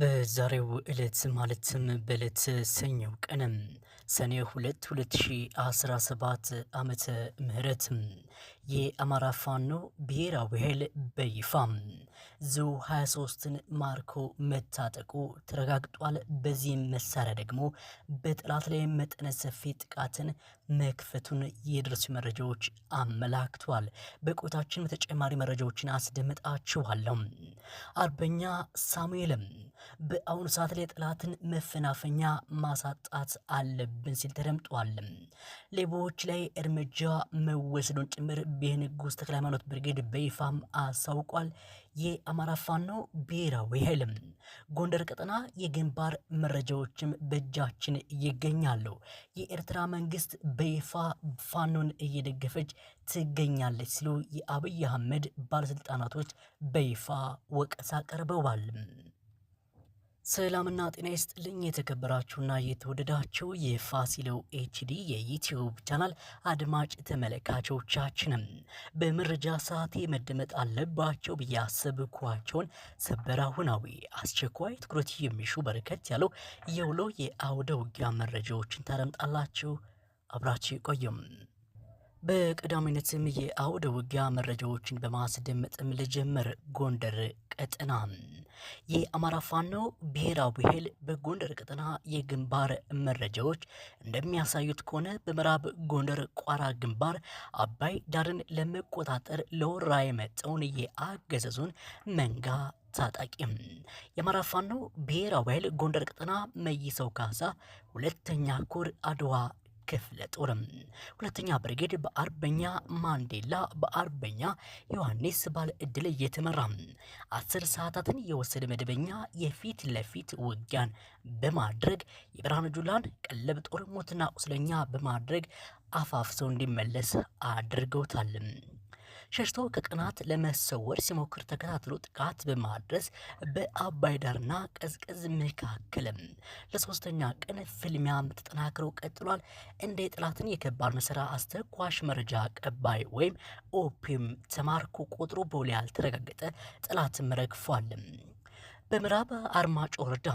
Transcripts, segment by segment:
በዛሬው ዕለት ማለትም በዕለት ሰኞ ቀንም ሰኔ 2 2017 ዓመተ ምህረት የአማራ ፋኖ ብሔራዊ ኃይል በይፋም ዙ 23ን ማርኮ መታጠቁ ተረጋግጧል። በዚህም መሳሪያ ደግሞ በጠላት ላይ መጠነ ሰፊ ጥቃትን መክፈቱን የደረሱ መረጃዎች አመላክቷል። በቆይታችን በተጨማሪ መረጃዎችን አስደምጣችኋለሁ። አርበኛ ሳሙኤልም በአሁኑ ሰዓት ላይ ጠላትን መፈናፈኛ ማሳጣት አለብን ሲል ተደምጧል። ሌቦዎች ላይ እርምጃ መወሰዱን ጭምር የንጉሥ ተክለ ሃይማኖት ብርጌድ በይፋም አሳውቋል። የአማራ ፋኖ ብሔራዊ ኃይልም ጎንደር ቀጠና የግንባር መረጃዎችም በእጃችን ይገኛሉ። የኤርትራ መንግስት በይፋ ፋኖን እየደገፈች ትገኛለች ሲሉ የአብይ አህመድ ባለስልጣናቶች በይፋ ወቀሳ ቀርበዋል። ሰላምና ጤና ይስጥልኝ የተከበራችሁና የተወደዳችሁ የፋሲለው ኤችዲ የዩትዩብ ቻናል አድማጭ ተመለካቾቻችንም በመረጃ ሰዓቴ መደመጥ አለባቸው ብያሰብኳቸውን አሰብኳቸውን ሰበር አሁናዊ አስቸኳይ ትኩረት የሚሹ በርከት ያለው የውሎ የአውደ ውጊያ መረጃዎችን ታደምጣላችሁ። አብራችሁ ቆዩም። በቀዳሚነትም የአውደ ውጊያ መረጃዎችን በማስደመጥም ልጀመር። ጎንደር ቀጠና የአማራ ፋኖ ብሔራዊ ኃይል በጎንደር ቀጠና የግንባር መረጃዎች እንደሚያሳዩት ከሆነ በምዕራብ ጎንደር ቋራ ግንባር አባይ ዳርን ለመቆጣጠር ለወራ የመጣውን የአገዘዙን መንጋ ታጣቂም የአማራ ፋኖ ብሔራዊ ኃይል ጎንደር ቀጠና መይሰው ካሳ ሁለተኛ ኮር አድዋ ክፍለ ጦርም ሁለተኛ ብርጌድ በአርበኛ ማንዴላ በአርበኛ ዮሐንስ ባለ እድል እየተመራ አስር ሰዓታትን የወሰደ መደበኛ የፊት ለፊት ውጊያን በማድረግ የብርሃኑ ጁላን ቀለብ ጦር ሞትና ቁስለኛ በማድረግ አፋፍሰው እንዲመለስ አድርገውታል። ሸሽቶ ከቅናት ለመሰወር ሲሞክር ተከታትሎ ጥቃት በማድረስ በአባይ ዳርና ቀዝቀዝ መካከልም ለሶስተኛ ቀን ፍልሚያ ተጠናክረው ቀጥሏል። እንደ የጠላትን የከባድ መሳሪያ አስተኳሽ መረጃ ቀባይ ወይም ኦፒም ተማርኮ ቁጥሩ በውል ያልተረጋገጠ ጠላትም ረግፏል። በምዕራብ አርማጭሆ ወረዳ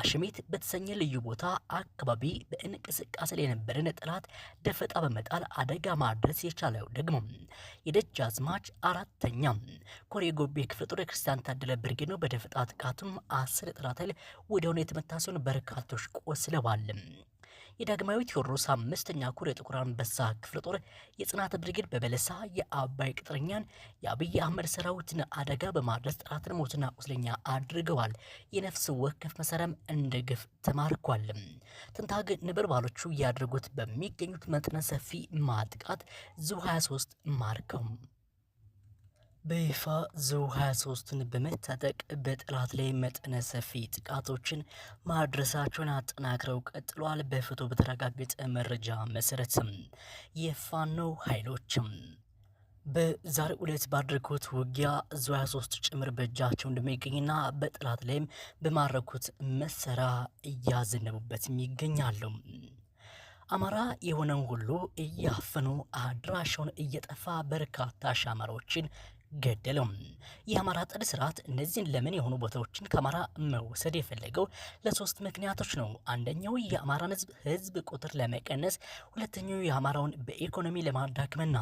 አሽሜት በተሰኘ ልዩ ቦታ አካባቢ በእንቅስቃሴ ላይ የነበረን ጠላት ደፈጣ በመጣል አደጋ ማድረስ የቻለው ደግሞ የደጃዝማች አራተኛ ኮር የጎቤ ክፍለ ጦር ክርስቲያን ታደለ ብርጌድ ነው። በደፈጣ ጥቃቱም አስር የጠላት ኃይል ወዲያውኑ የተመታ ሲሆን በርካቶች ቆስለዋል። የዳግማዊ ቴዎድሮስ አምስተኛ ኩር የጥቁር አንበሳ ክፍለ ጦር የጽናት ብርጌድ በበለሳ የአባይ ቅጥረኛን የአብይ አህመድ ሰራዊትን አደጋ በማድረስ ጠላትን ሞትና ቁስለኛ አድርገዋል። የነፍስ ወከፍ መሰረም እንደ ግፍ ተማርኳል። ትንታግ ነበልባሎቹ እያደረጉት በሚገኙት መጠነ ሰፊ ማጥቃት ዙ 23 ማርከው በይፋ ዘው 23ን በመታጠቅ በጠላት ላይ መጠነ ሰፊ ጥቃቶችን ማድረሳቸውን አጠናክረው ቀጥሏል። በፍቶ በተረጋገጠ መረጃ መሰረትም የፋኖ ኃይሎችም በዛሬ ዕለት ባደረጉት ውጊያ ዘው 23 ጭምር በእጃቸው እንደሚገኝና በጠላት ላይም በማረኩት መሰራ እያዘነቡበትም ይገኛሉ። አማራ የሆነውን ሁሉ እያፈኑ አድራሻውን እየጠፋ በርካታ ሻማሮችን ገደለው። የአማራ ጥድ ስርዓት እነዚህን ለምን የሆኑ ቦታዎችን ከአማራ መውሰድ የፈለገው ለሶስት ምክንያቶች ነው። አንደኛው የአማራን ህዝብ ህዝብ ቁጥር ለመቀነስ፣ ሁለተኛው የአማራውን በኢኮኖሚ ለማዳክምና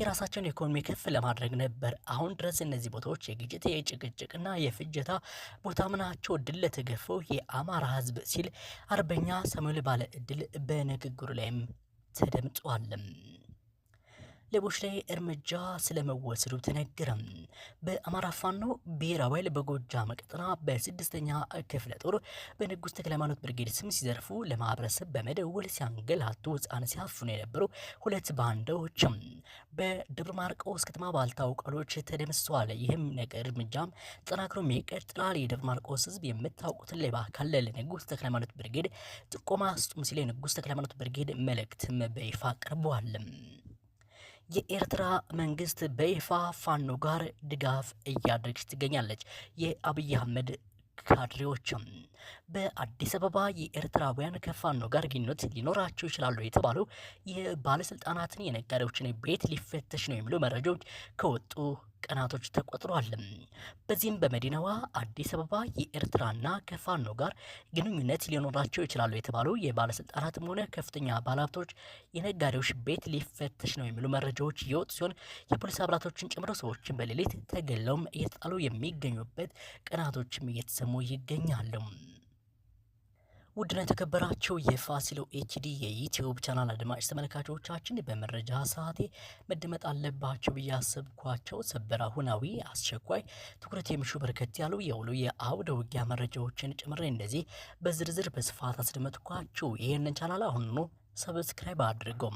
የራሳቸውን ኢኮኖሚ ከፍ ለማድረግ ነበር። አሁን ድረስ እነዚህ ቦታዎች የግጭት የጭቅጭቅና የፍጀታ ቦታ ምናቸው ድል ለተገፈው የአማራ ህዝብ ሲል አርበኛ ሳሙኤል ባለ እድል በንግግሩ ላይም ተደምጧል። ሌቦች ላይ እርምጃ ስለመወሰዱ ተነገረም። በአማራ ፋኖ ብሔራዊ ኃይል በጎጃም ቀጠና በስድስተኛ ክፍለ ጦር በንጉሥ ተክለ ሃይማኖት ብርጌድ ስም ሲዘርፉ ለማህበረሰብ በመደወል ሲያንገላቱ ሕፃን ሲያፍኑ የነበሩ ሁለት ባንዳዎችም በደብረ ማርቆስ ከተማ ባልታው ቀሎች ተደምሰዋል። ይህም ነገር እርምጃም ተጠናክሮ ይቀጥላል። የደብረ ማርቆስ ህዝብ የምታውቁትን ሌባ ካለ ለንጉሥ ተክለ ሃይማኖት ብርጌድ ጥቆማ ስጡም ሲል የንጉሥ ተክለ ሃይማኖት ብርጌድ መልእክትም በይፋ ቀርበዋል። የኤርትራ መንግስት በይፋ ፋኖ ጋር ድጋፍ እያደረገች ትገኛለች። የአብይ አህመድ ካድሬዎችም በአዲስ አበባ የኤርትራውያን ከፋኖ ጋር ግንኙነት ሊኖራቸው ይችላሉ የተባሉ የባለስልጣናትን የነጋዴዎችን ቤት ሊፈተሽ ነው የሚሉ መረጃዎች ከወጡ ቀናቶች ተቆጥሯል። በዚህም በመዲናዋ አዲስ አበባ የኤርትራና ከፋኖ ጋር ግንኙነት ሊኖራቸው ይችላሉ የተባሉ የባለስልጣናትም ሆነ ከፍተኛ ባለሀብቶች የነጋዴዎች ቤት ሊፈተሽ ነው የሚሉ መረጃዎች የወጡ ሲሆን የፖሊስ አባላቶችን ጨምሮ ሰዎችን በሌሊት ተገለውም እየተጣሉ የሚገኙበት ቀናቶችም እየተሰሙ ይገኛሉ። ውድና የተከበራቸው የፋሲሎ ኤችዲ የዩትዩብ ቻናል አድማጭ ተመልካቾቻችን በመረጃ ሰዓቴ መደመጥ አለባቸው ብዬ አሰብኳቸው ሰበር አሁናዊ አስቸኳይ ትኩረት የሚሹ በርከት ያሉ የውሎ የአውደ ውጊያ መረጃዎችን ጨምሬ እንደዚህ በዝርዝር በስፋት አስደመጥኳችሁ። ይህንን ቻናል አሁኑ ሰብስክራይብ አድርገው